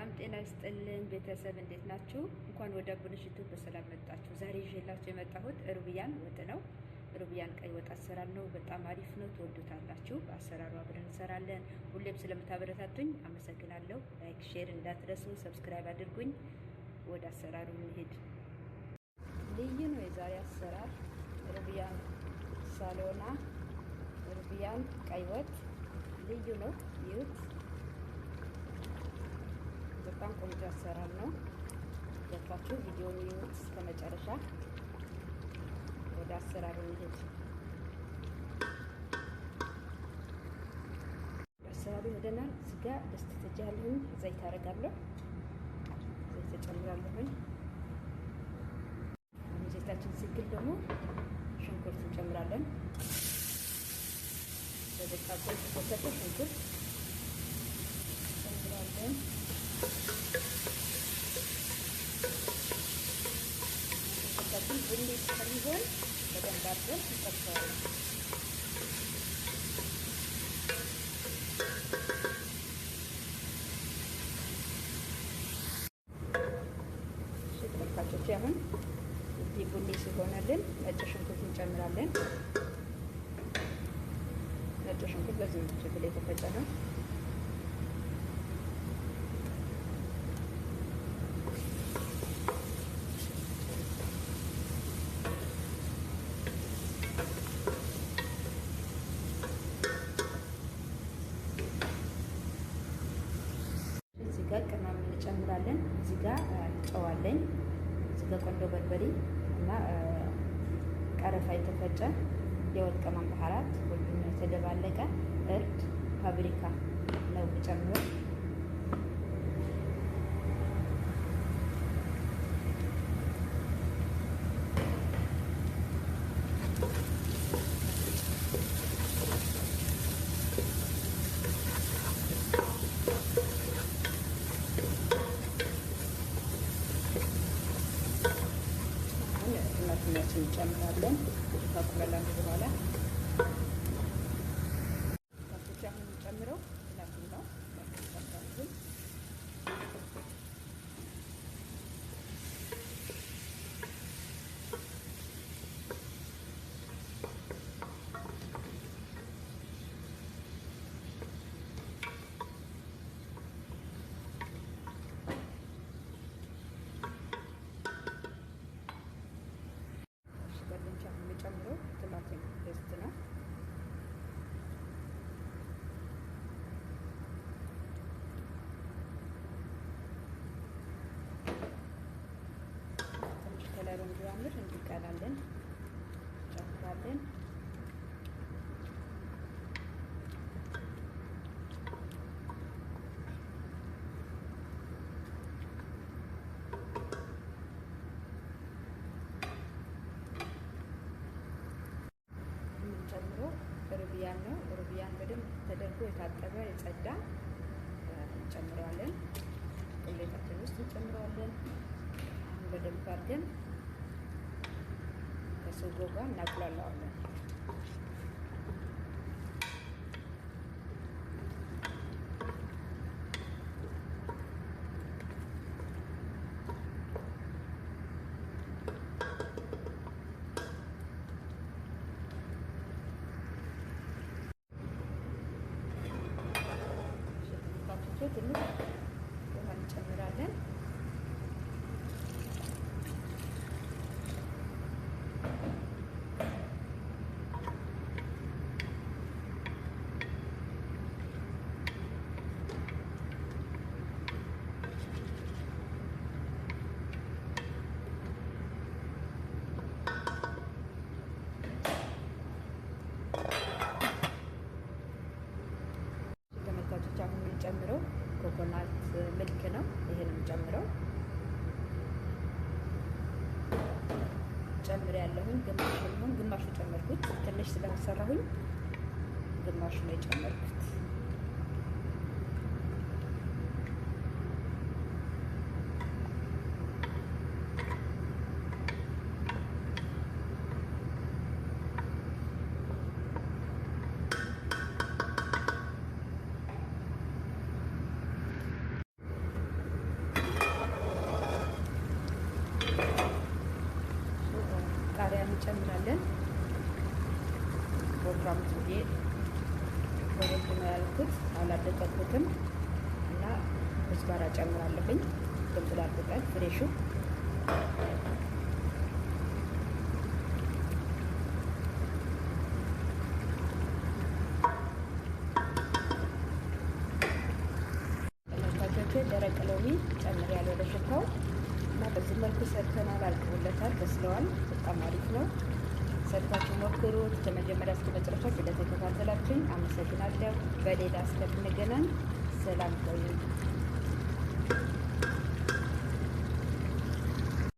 ሰላም ጤና ይስጥልን ቤተሰብ እንዴት ናችሁ? እንኳን ወደ አቡነሽ ዩቱብ በሰላም መጣችሁ። ዛሬ ይዤላችሁ የመጣሁት ሩብያን ወጥ ነው። ሩቢያን ቀይ ወጥ አሰራር ነው። በጣም አሪፍ ነው፣ ትወዱታላችሁ። በአሰራሩ አብረን እንሰራለን። ሁሌም ስለምታበረታቱኝ አመሰግናለሁ። ላይክ፣ ሼር እንዳትረሱ፣ ሰብስክራይብ አድርጉኝ። ወደ አሰራሩ እንሄድ። ልዩ ነው የዛሬ አሰራር ሩብያን ሳሎና፣ ሩብያን ቀይ ወጥ ልዩ ነው። ይዩት በጣም ቆንጆ አሰራር ነው። ያልኳችሁ ቪዲዮን ይዩት እስከ መጨረሻ። ወደ አሰራሩ እንሄድ። አሰራሩ ይሄደናል። ስጋ ደስት ትጃለሁኝ። ዘይት አደርጋለሁ። ዘይት ተጨምራለሁኝ። ዘይታችን ሲግል ደግሞ ሽንኩርት እንጨምራለን። በደቃቆ ሽንኩርት እንጨምራለን። እንዴት ከሚሆን በደንብ አድርገን እንጠብሰዋለን። ሽጥመልካቾች አሁን እዚህ ቡኒ ሲሆነልን ነጭ ሽንኩርት እንጨምራለን። ነጭ ሽንኩርት በዚህ የተፈጨ ነው። ቆንዶ በርበሬ እና ቀረፋ የተፈጨ የወጥ ቅመም ባህራት ሁሉም የተደባለቀ እርድ ፋብሪካ ነው ጨምሮ እንጨምራለን። ካቁላላን በኋላ እንቀላለን፣ ጨምራለን። ጨምሮ ነው። ሩብያን በደንብ ተደርጎ የታጠበ የጸዳ እንጨምረዋለን። ቅሌታችን ውስጥ እንጨምረዋለን። በደንብ አድርገን que s'ho juguen al ኮኮናት ምልክ ነው። ይሄንም ጨምረው ጨምር ያለሁኝ ግማሽ ግማሹ ጨመርኩት። ትንሽ ስለተሰራሁኝ ግማሹ ነው የጨመርኩት። ቃሪያ እንጨምራለን። ወፍራም ስዬ ወረድ ነው ያልኩት፣ አላደቀኩትም እና ኩዝባራ ጨምራለሁኝ። ድንብላል ቁጠል ፍሬሹ ደረቅ ሎሚ ጨምር ያለ ወደ ሽታው በዚህ መልኩ ሰርተናል። አልቀውለታል፣ በስለዋል። በጣም አሪፍ ነው። ሰርታችሁ ሞክሩት። ከመጀመሪያ እስከ መጨረሻ ስለተከታተላችሁኝ አመሰግናለሁ። በሌላ እስከምንገናኝ ሰላም ቆዩ።